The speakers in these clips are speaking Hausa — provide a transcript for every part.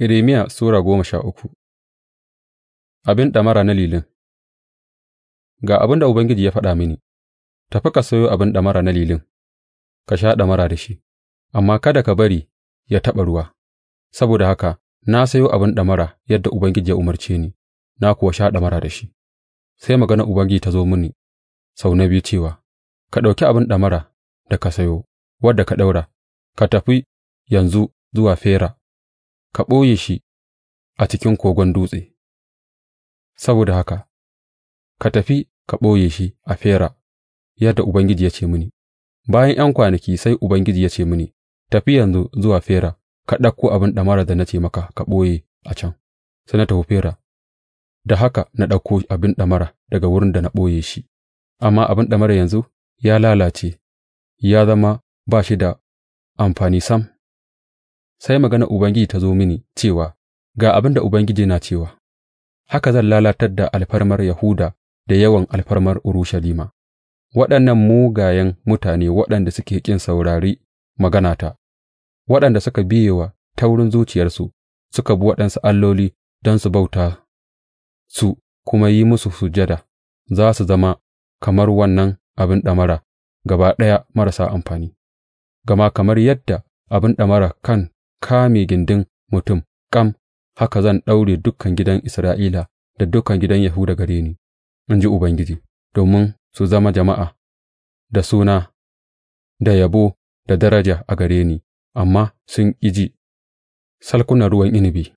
Irimiya Sura goma sha uku Abin ɗamara na lilin Ga abin da Ubangiji ya faɗa mini, Tafi ka sayo abin ɗamara na lilin, ka sha ɗamara da shi, amma kada ka bari ya taɓa ruwa, saboda haka na sayo abin ɗamara yadda Ubangiji ya umarce ni, na kuwa sha ɗamara da shi. Sai magana Ubangiji ta zo mini sau na biyu cewa, Ka ɗauki abin ɗamara da ka sayo, wadda ka ɗaura, ka tafi yanzu zuwa Fera ka ɓoye shi a cikin kogon dutse; saboda haka ka tafi ka ɓoye shi a Fera, yadda Ubangiji ya ce mini. Bayan ’yan kwanaki sai Ubangiji ya ce mini, Tafi yanzu zuwa Fera ka ɗauko abin ɗamara da na ce maka ka ɓoye a can, sai na tafi Fera, da haka na ɗauko abin ɗamara daga wurin da na ɓoye shi, amma abin ɗamara yanzu ya lalace ya zama ba shi da amfani sam. sai maganar Ubangiji ta zo mini cewa, Ga abin da Ubangiji na cewa, Haka zan lalatar da alfarmar Yahuda da yawan alfarmar Urushalima, waɗannan mugayen mutane waɗanda suke ƙin saurari maganata, waɗanda suka biye wa taurin zuciyarsu, suka bi waɗansu alloli don su bauta su kuma yi musu sujada, za su zama kamar wannan abin ɗamara gaba ɗaya marasa amfani, gama kamar yadda abin ɗamara kan kame gindin mutum ƙam, haka zan daure dukan gidan Isra'ila da dukan gidan Yahuda gare ni, in ji Ubangiji, domin su zama jama'a da suna, da yabo, da daraja a gare ni, amma sun ƙi ji, salkunan ruwan inibi.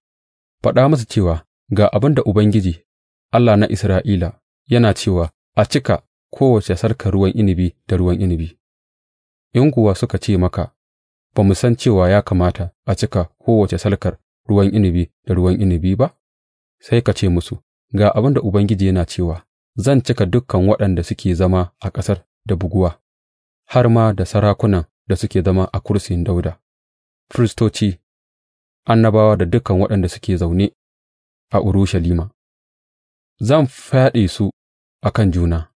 faɗa musu cewa ga abin da Ubangiji, Allah na Isra'ila, yana cewa a cika kowace sarkar ruwan inibi da ruwan inibi. in kuwa suka ce maka, ba mu san cewa ya kamata a cika kowace salkar ruwan inabi da ruwan inabi ba? Sai ka ce musu, Ga abin da Ubangiji yana cewa, Zan cika dukkan waɗanda suke zama a ƙasar da buguwa, har ma da sarakunan da suke zama a kursiyin Dauda, firistoci, annabawa da dukan waɗanda suke zaune a Urushalima. Zan fyaɗe su a kan juna,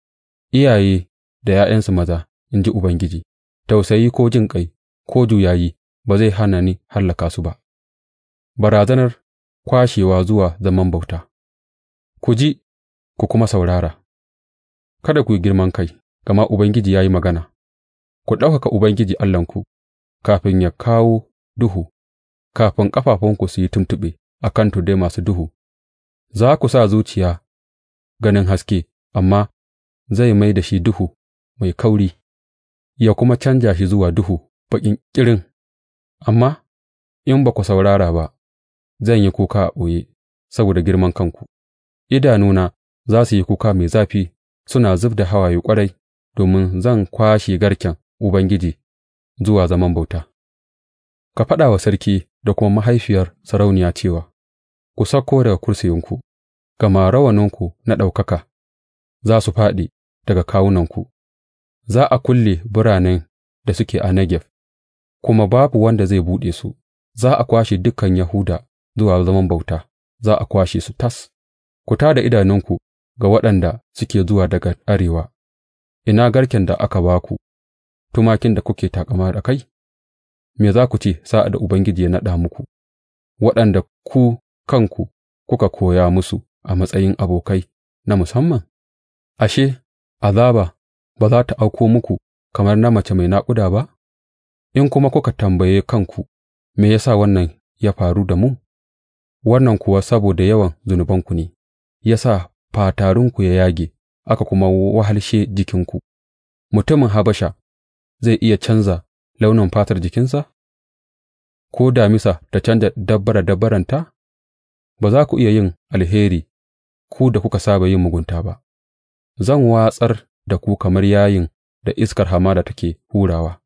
iyaye da ’ya'yansu maza, in ji Ubangiji, tausayi ko jin ƙai ko juyayi ba zai hana ni hallaka su ba, barazanar kwashewa zuwa zaman bauta, ku ji ku kuma saurara, kada ku yi girman kai, gama Ubangiji ya yi magana, ku ɗaukaka Ubangiji Allahnku kafin ya kawo duhu, kafin ƙafafunku su yi tuntuɓe a kan tuddai masu duhu, za ku sa zuciya ganin haske, amma zai mai da shi duhu mai kauri, ya kuma canja shi zuwa duhu baƙin ƙirin, amma in ba ku saurara ba, zan yi kuka a ɓoye saboda girman kanku, idanuna za su yi kuka mai zafi suna zub da hawaye ƙwarai, domin zan kwashe garken Ubangiji zuwa zaman bauta. Ka faɗa wa sarki da kuma mahaifiyar sarauniya cewa, Ku sauko daga kursiyinku, gama rawaninku na ɗaukaka za su faɗi daga kawunanku, za a kulle biranen da suke a Negev, kuma babu wanda zai buɗe su, za a kwashe dukan Yahuda zuwa zaman bauta, za a kwashe su tas, ku tā da idanunku ga waɗanda suke zuwa daga arewa, ina garken da aka ba ku, tumakin da kuke taƙama da kai? Me za ku ce sa'ad da Ubangiji ya naɗa muku, waɗanda ku kanku kuka koya musu a matsayin abokai na musamman? Ashe, azaba ba za ta auko muku kamar na mace mai naƙuda ba? In kuma kuka tambaye kanku, Me ya sa wannan ya faru da mu, wannan kuwa saboda yawan zunubanku ne, ya sa fatarinku ya yage aka kuma wahalshe jikinku, mutumin Habasha zai iya canza launin fatar jikinsa? Ko damisa ta canza dabbara dabbaranta? Ba za ku iya yin alheri ku da kuka saba yin mugunta ba, zan watsar da ku kamar yayin da iskar hamada take hurawa.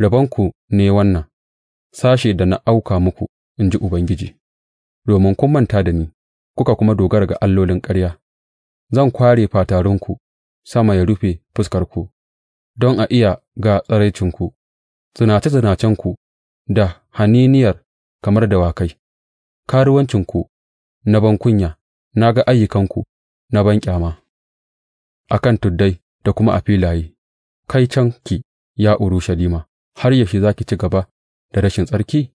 Rabonku ne wannan, Sashe da na auka muku, in ji Ubangiji, domin kun manta da ni kuka kuma dogara ga allolin ƙarya, zan kware fatarunku sama ya rufe fuskarku, don a iya ga tsaraicinku, zinace-zinacenku da haniniyar kamar dawakai, karuwancinku na bankunya, na ga ayyukanku na banƙyama a kan tuddai da kuma a filaye, Kai can ki ya Urushalima! har yaushe za ki ci gaba da rashin tsarki?